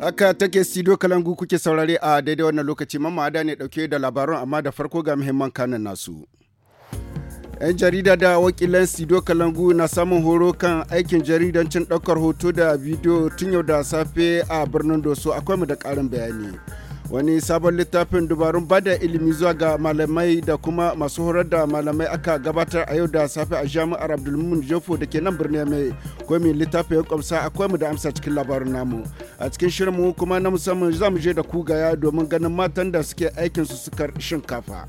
Aka take studio kalangu kuke saurare a daidai wannan lokaci mamada ne dauke da labarun amma da farko ga muhimman kanan nasu. 'Yan jarida da wakilan studio kalangu na samun horo kan aikin jaridancin daukar hoto da bidiyo tun yau da safe a birnin Doso akwai mu da karin bayani. wani sabon littafin dubarun bada ilimi zuwa ga malamai da kuma masu horar da malamai aka gabatar a yau da safe a jami'ar abdulmumin jofo da ke nan birnin mai komi littafin ya kwamsa akwai mu da amsa cikin labarin namu a cikin shirinmu kuma na musamman za mu je da kugaya domin ganin matan da suke aikin su sukar shinkafa.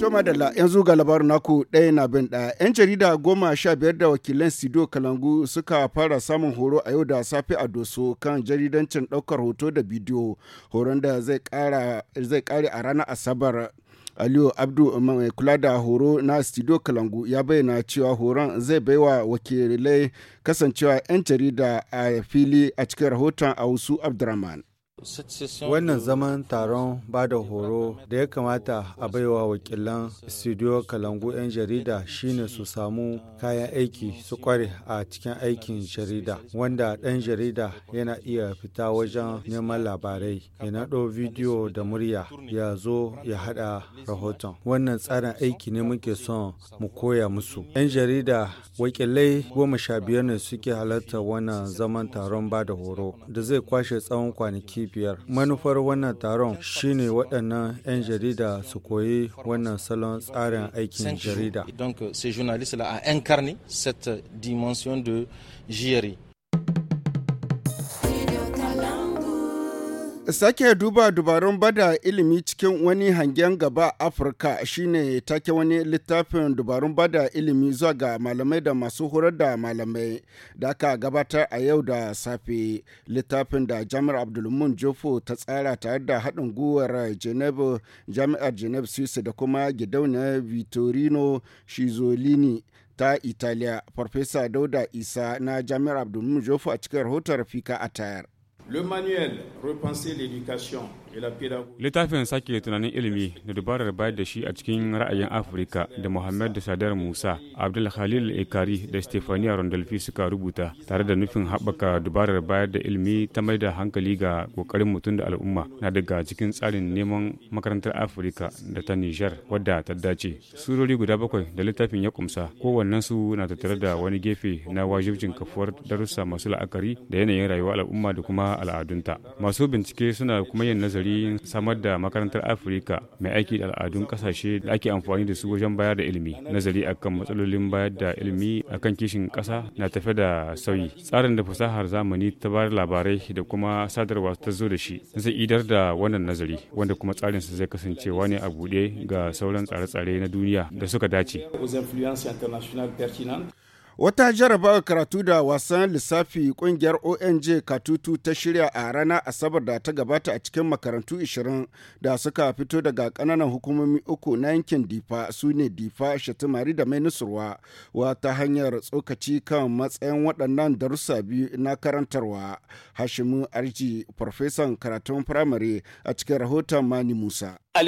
Toma Dalla yanzu ga labarin naku ɗaya na bin ɗaya. 'Yan jarida goma sha biyar da wakilan Sido Kalangu suka fara samun horo a yau da safe a Doso kan jaridancin ɗaukar hoto da bidiyo horon da zai ƙare a ranar Asabar. Aliyu Abdu mai kula da horo na Studio Kalangu ya bayyana cewa horon zai baiwa wakilai kasancewa 'yan jarida a fili a cikin rahoton a wasu Abdurrahman. Wannan zaman taron ba da horo da ya kamata a baiwa wakilan studio Kalangu 'yan jarida shine su samu kayan aiki su kware a cikin aikin jarida wanda ɗan jarida yana iya fita wajen neman labarai ya naɗo bidiyo da murya ya zo ya haɗa rahoton. Wannan tsarin aiki ne muke son mu koya musu. 'Yan jarida wakilai goma sha biyar ne suke halarta wannan zaman taron ba da horo da zai kwashe tsawon kwanaki biyar. Manufar wannan taron shine waɗannan 'yan jarida su koyi wannan salon tsarin aikin jarida. Donc, ces journalistes-là à incarner cette dimension de JRI. Sake duba dubarun bada ilimi cikin wani hangen gaba Afirka shine take wani littafin dubarun bada ilimi zuwa ga malamai da masu horar da malamai da aka gabatar a yau da safe littafin da Jami'ar Abdulmun Jofo ta tsara tare da haɗin guwar Geneva Jami'ar Geneva suisse da kuma gidauniyar Vittorino Shizolini ta Italiya Farfesa Dauda Isa na Jami'ar Abdulmun Jofo a cikin rahoton a tayar. Le manuel Repenser l'éducation Littafin sake tunanin ilimi da dubarar bayar da shi a cikin ra'ayin Afirka da Muhammad Sadar Musa, Abdul Khalil Ekari da Stefania Rondolfi suka rubuta tare da nufin haɓaka dubarar bayar da ilimi ta mai da hankali ga ƙoƙarin mutum da al'umma na daga cikin tsarin neman makarantar Afirka da ta Nijar wadda ta dace. Surori guda bakwai da littafin ya kumsa su na tattare da wani gefe na wajibcin kafuwar darussa masu la'akari da yanayin rayuwar al'umma da kuma al'adunta. Masu bincike suna kuma yin nazari nazari samar da makarantar afirka mai aiki da al'adun kasashe da ake amfani da su wajen bayar da ilimi nazari akan matsalolin bayar da ilimi akan kishin kasa na tafe da sauyi tsarin da fasahar zamani ta bayar labarai da kuma sadarwa ta zo da shi zai idar da wannan nazari wanda kuma tsarin sa zai kasancewa ne a buɗe ga sauran tsare-tsare na duniya da suka dace Wata jarabawar karatu da wasan lissafi kungiyar ONG Katutu ta shirya a ranar Asabar da ta gabata a cikin makarantu 20 da suka fito daga kananan hukumomi uku na yankin Difa su ne Difa, Shatimari da Mai Nusurwa, wata hanyar tsokaci kan matsayin waɗannan darussa biyu na karantarwa. Hashimu Arji, farfesan karatun firamare a cikin rahoton Mani Musa. A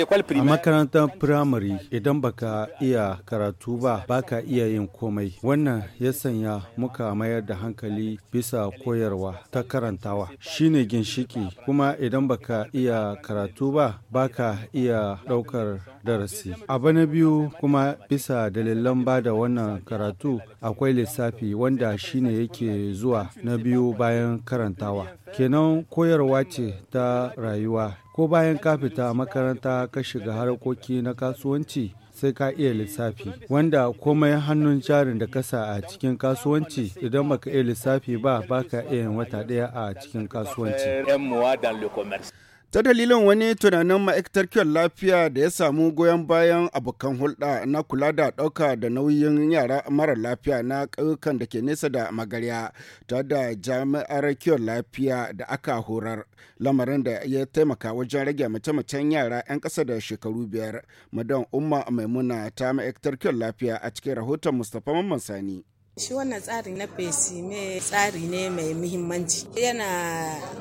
makarantar firamare idan baka iya karatu ba baka iya yin komai. Wannan ya sanya muka mayar da hankali bisa koyarwa ta karantawa. Shine ginshiki kuma idan baka iya karatu ba baka iya ɗaukar darasi. Abu na biyu kuma bisa dalilan ba da wannan karatu akwai lissafi wanda shine yake zuwa na biyu bayan karantawa. Kenan koyarwa ce ta rayuwa ko bayan ka fita makaranta ka shiga harkoki na kasuwanci sai ka iya lissafi wanda komai hannun jarin da kasa a cikin kasuwanci idan baka iya lissafi ba baka iya wata ɗaya a cikin kasuwanci ta dalilin wani tunanin ma'aikatar kiwon lafiya da ya samu goyon bayan abokan hulɗa na kula da ɗauka da nauyin yara mara lafiya na ƙauyukan da ke nesa da magarya ta da jami'ar kiwon lafiya da aka horar lamarin da ya taimaka wajen rage mace-macen yara 'yan ƙasa da shekaru biyar madan umma maimuna ta ma'aikatar kiwon lafiya a cikin rahoton mustapha mamman sani Shi wannan tsari na fesime tsari ne mai muhimmanci. Yana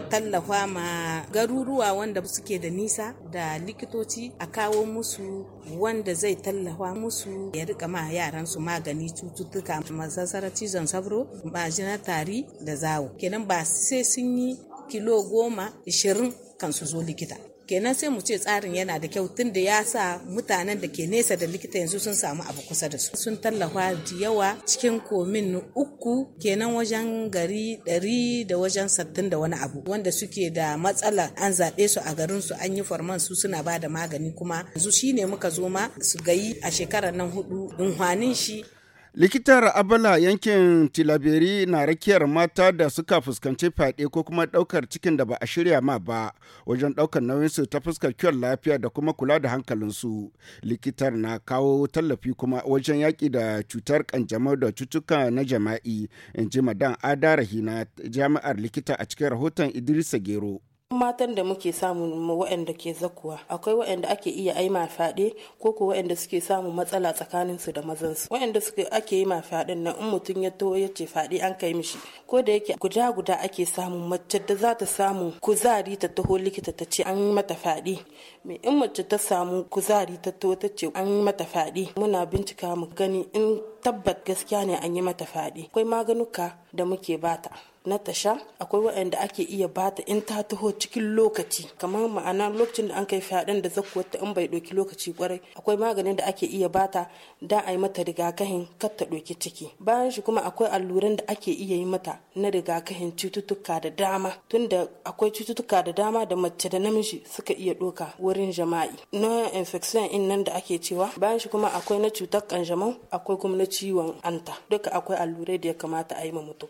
tallafa ma garuruwa wanda suke da nisa da likitoci a kawo musu wanda zai tallafa musu ya rika ma yaran su magani cututtuka masassarar cizon sabro, majinar tari da zawo. Kenan ba sai sun yi kilo goma, ishirin kan su zo likita. kenan sai mu ce tsarin yana da kyau tun da ya sa mutanen da ke nesa da likita yanzu sun samu abu kusa da su sun tallafa da yawa cikin komin uku kenan wajen gari ɗari da wajen sattin da wani abu wanda suke da matsala an zaɓe su a garin su an yi forman su suna ba da magani kuma yanzu shine muka zo ma su gayi a shekarar nan hudu in shi likitar abala yankin tilaberi na rakiyar mata da suka fuskanci fyaɗe ko kuma ɗaukar cikin da ba a shirya ma ba wajen ɗaukar nauyinsu ta fuskar kiwon lafiya da kuma kula da hankalinsu likitar na kawo tallafi kuma wajen yaƙi da cutar kanjamau da cutuka na jama'i in ji madan ada rahina jami'ar likita a cikin rahoton idrisa gero matan da muke samu waɗanda ke zakuwa akwai waɗanda ake iya ai fyaɗe ko ko waɗanda suke samun matsala tsakanin su da mazan su waɗanda suke ake yi ma fyaɗen nan in mutum ya to ya ce fyaɗe an kai mishi ko da yake guda guda ake samun mace da za ta samu kuzari ta taho likita ta ce an yi mata fyaɗe me in mace ta samu kuzari ta taho ta ce an yi mata fyaɗe muna bincika mu gani in tabbat gaskiya ne an yi mata fyaɗe akwai maganuka da muke bata na tasha akwai waɗanda ake iya bata in ta taho cikin lokaci kamar ma'ana lokacin da an kai fyaɗen da zakkuwar ta in bai ɗauki lokaci kwarai akwai maganin da ake iya bata da a yi mata rigakafin kar ta ɗauki ciki bayan shi kuma akwai alluran da ake iya yi mata na rigakafin cututtuka da dama tunda akwai cututtuka da dama da mace da namiji suka iya ɗoka wurin jama'i na infection in nan da ake cewa bayan shi kuma akwai na cutar kanjamau akwai kuma na ciwon anta duka akwai allurai da ya kamata a yi ma mutum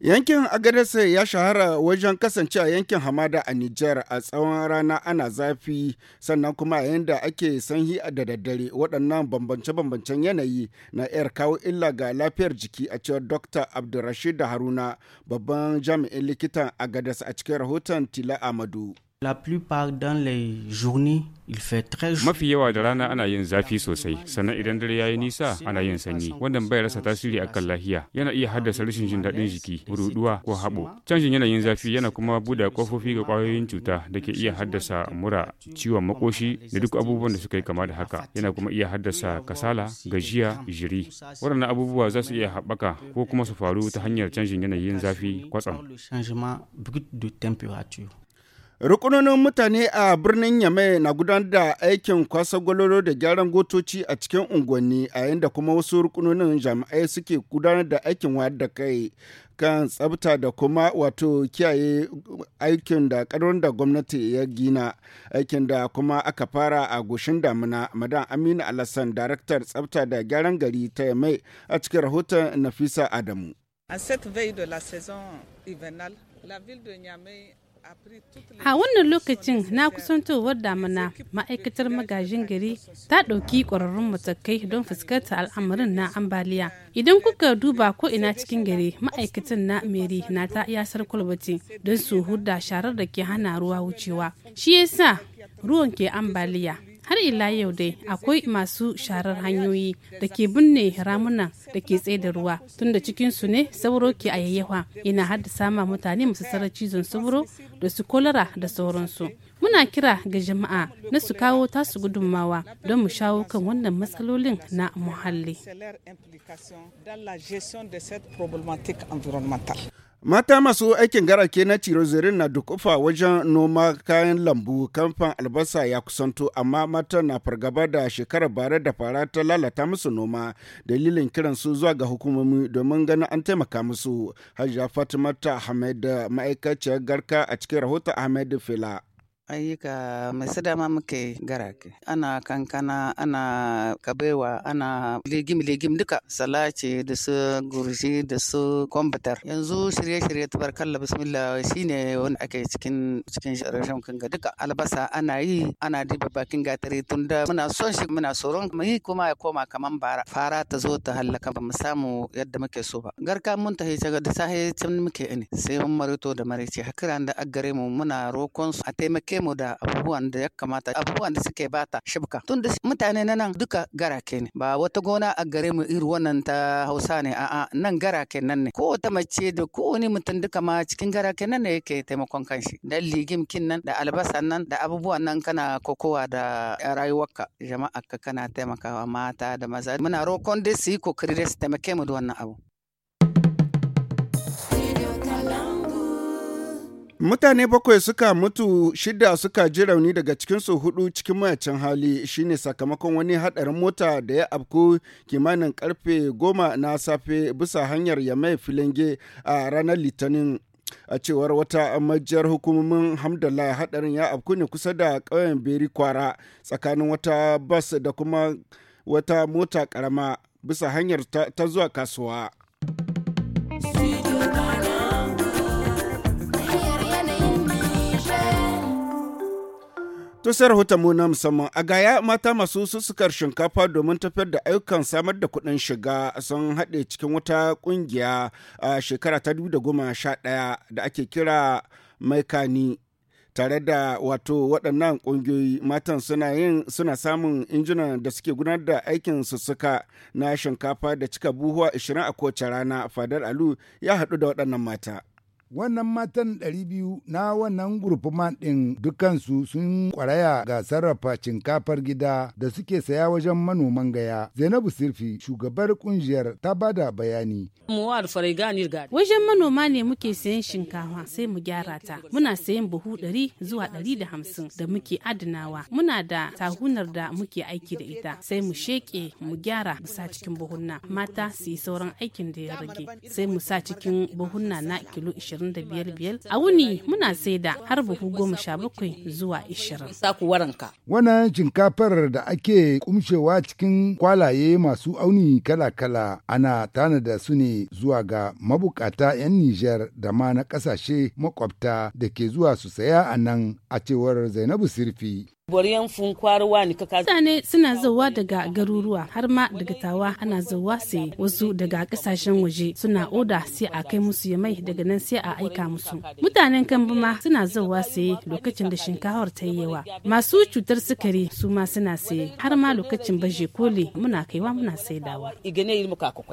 Yankin Agadese ya shahara wajen kasance a yankin hamada a Nijar a tsawon rana ana zafi sannan kuma yayin da ake sanyi da daddare waɗannan bambance-bambancen yanayi na 'yar kawo illa ga lafiyar jiki a cewar Dr. Abdulrashid Haruna babban jami'in likitan Agadese a cikin rahoton Tila Amadu. la dans les il fait très Mafi yawa da rana ana yin zafi sosai, sannan idan dare ya yi nisa ana yin sanyi, wannan bai rasa tasiri akan lafiya yana iya haddasa rashin jin daɗin jiki, ruduwa ko haɓo. Canjin yanayin zafi yana kuma buɗe kofofi ga ƙwayoyin cuta da ke iya haddasa mura, ciwon makoshi da duk abubuwan da suka yi kama da haka, yana kuma iya haddasa kasala, gajiya, jiri. Waɗannan abubuwa za su iya haɓaka ko kuma su faru ta hanyar canjin yanayin zafi kwatsam. Rukunonin mutane a birnin Yamai na gudanar da aikin kwasa gwalolo da gyaran gotoci a cikin unguwanni a yadda kuma wasu rukunonin jami'ai suke gudanar da aikin wayar da kai kan tsabta da kuma wato kiyaye aikin da karon da gwamnati ya gina aikin da kuma aka fara a goshin damina madan aminu alasan daraktar tsabta da gyaran gari ta Yamai a cikin rahoton nafisa adamu. A wannan lokacin na kusantowar damuna ma'aikatar magajin gari ta ɗauki ƙwararrun matakai don fuskanta al'amarin na ambaliya. Idan kuka duba ko ina cikin gari ma'aikatan na meri na ta yasar kwalbati don su huda sharar da ke hana ruwa wucewa. Shi yasa ruwan ke ambaliya har ila yau dai akwai masu sharar hanyoyi da ke binne ramuna da ke tsaye da ruwa tunda cikin su ne sauro ke ayayyawa yana haddasa ma mutane masu sarar cizon sauro da su kolara da sauransu muna kira ga jama'a na su kawo tasu gudunmawa don mu shawo kan wannan matsalolin na muhalli Mata masu aikin garake na zirin na dukufa wajen noma kayan lambu kamfan albasa ya kusanto amma mata na fargaba da shekarar bare da fara ta lalata musu noma dalilin kiran su zuwa ga hukumomi domin ganin an taimaka musu. Hajiya Fatimata Ahmed ma'aikaciyar garka a cikin rahoton Ahmed Fela. ayyuka masu dama muke garake ana kankana ana kabewa ana legim legim duka salace da su gurji da su kwamfutar yanzu shirye-shirye tabarkalla bismillah shine wanda ake cikin cikin rashin ga duka albasa ana yi ana diba bakin gatari tun da muna son shi muna tsoron mu yi kuma ya koma kaman bara fara ta zo ta hallaka ba mu samu yadda muke so ba garka mun tahi da sahi can muke ne sai mun marito da marice hakiran da aggare mu muna rokon su a taimake taimake mu da abubuwan da ya kamata abubuwan da suke bata shibka tun da mutane na nan duka garake ne ba wata gona a gare mu iri wannan ta Hausa ne a'a nan garake nan ne ko wata mace da ko wani mutum duka ma cikin garake nan ne yake taimakon kanshi da ligim kin nan da albasan nan da abubuwan nan kana kokowa da rayuwarka jama'a ka kana taimakawa mata da maza muna roƙon da su yi kokari da su taimake mu da wannan abu Mutane bakwai suka mutu shida suka ji rauni daga cikinsu hudu cikin mayacin hali shine sakamakon wani hadarin mota da ya afku kimanin karfe goma na safe bisa hanyar ya yamai filinge a ranar litinin. a cewar wata majiyar hukumomin hamdala hadarin ya afku ne kusa da ƙauyen beri kwara tsakanin wata bas da kuma wata mota karama bisa hanyar ta zuwa kasuwa Tusar mu na musamman a gaya mata masu susukar shinkafa domin tafiyar da ayyukan samar da kuɗin shiga sun haɗe cikin wata ƙungiya a shekara ta 2011 da ake kira maikani tare da wato waɗannan ƙungiyoyi matan suna yin suna samun injunan da suke gudanar da aikin susuka na shinkafa da cika buhuwa 20 a kowace rana fadar alu ya haɗu da waɗannan mata. wannan matan 200 na wannan gurfuman ɗin dukansu sun kwaraya ga sarrafa cinkafar gida da suke saya wajen manoman gaya zainabu sirfi shugabar kungiyar ta bada bayani wajen manoma ne muke sayan shinkafa sai mu gyara ta muna sayan buhu 100 zuwa 150 da muke adanawa muna da tahunar da muke aiki da ita sai mu sheke mu gyara mu sa cikin buhunna mata su yi sauran aikin da ya rage sai mu sa cikin buhunna na kilo 20 a wuni muna saida har buhu goma sha bakwai zuwa ishirin. Wannan shinkafar da ake kumshewa cikin kwalaye masu auni kala-kala ana tanada su ne zuwa ga mabukata 'yan Nijar da ma na kasashe makwabta da ke zuwa su saya a nan a cewar Zainabu Sirfi. Mutane suna zawa daga garuruwa har ma daga tawa ana zawa sai wasu daga kasashen waje suna oda sai a kai musu yamai daga nan sai a aika musu. Mutanen kan ma suna zawa sai lokacin da shinkawar ta yi yawa. Masu cutar sukari su ma suna sai har ma lokacin baje koli muna kaiwa muna sai saidawa.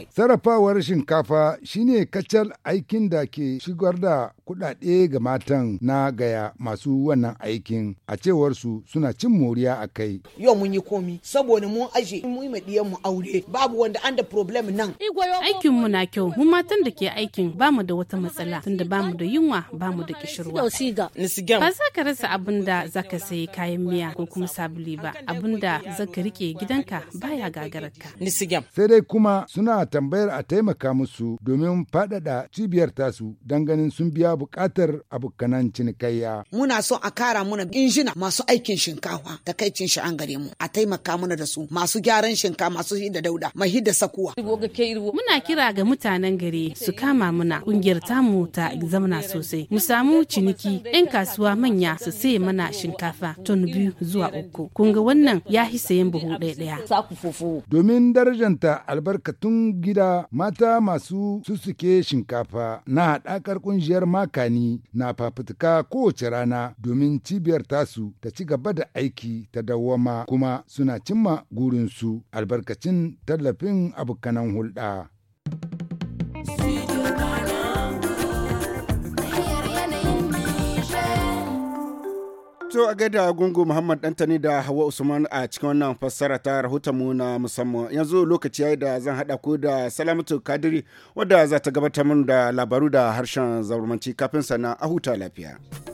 Sarrafawar shinkafa shine kacal aikin da ke shigar da kuɗaɗe ga matan na gaya masu wannan aikin a cewar su suna suna cin moriya a kai. Yau mun yi komi saboda mun aje mun yi mu aure babu wanda an da problem nan. Aikin mu na kyau mu matan da ke aikin ba mu da wata matsala tunda ba mu da yunwa ba mu da kishirwa. Ba za ka rasa abin da za ka sayi kayan miya ko kuma sabuli ba abin da za ka rike gidanka baya gagararka. Sai dai kuma suna tambayar a taimaka musu domin faɗaɗa cibiyar tasu don ganin sun biya buƙatar abukanan cinikayya. Muna son a kara muna injina masu aikin shi shinkafa takaicin shi an gare mu a taimaka mana da su masu gyaran shinka masu hidda dauda mai hidda sakuwa muna kira ga mutanen gare su kama muna kungiyar tamu ta zamana sosai mu samu ciniki yan kasuwa manya su sai mana shinkafa ton biyu zuwa uku kun ga wannan ya hi sayan buhu ɗaya ɗaya domin ta albarkatun gida mata masu susuke shinkafa na haɗakar kungiyar makani na fafutuka kowace rana domin cibiyar tasu ta ci gaba da da aiki ta dawwama kuma suna cimma gurinsu albarkacin tallafin abokanan hulɗa. To a gaida gungu Muhammad Dantani da Hawa Usman a cikin wannan fassara ta rahoton mu na musamman. Yanzu lokaci yayi da zan hada ku da Salamatu Kadiri wadda za ta gabatar mun da labaru da harshen zaurumanci kafin sana a huta lafiya.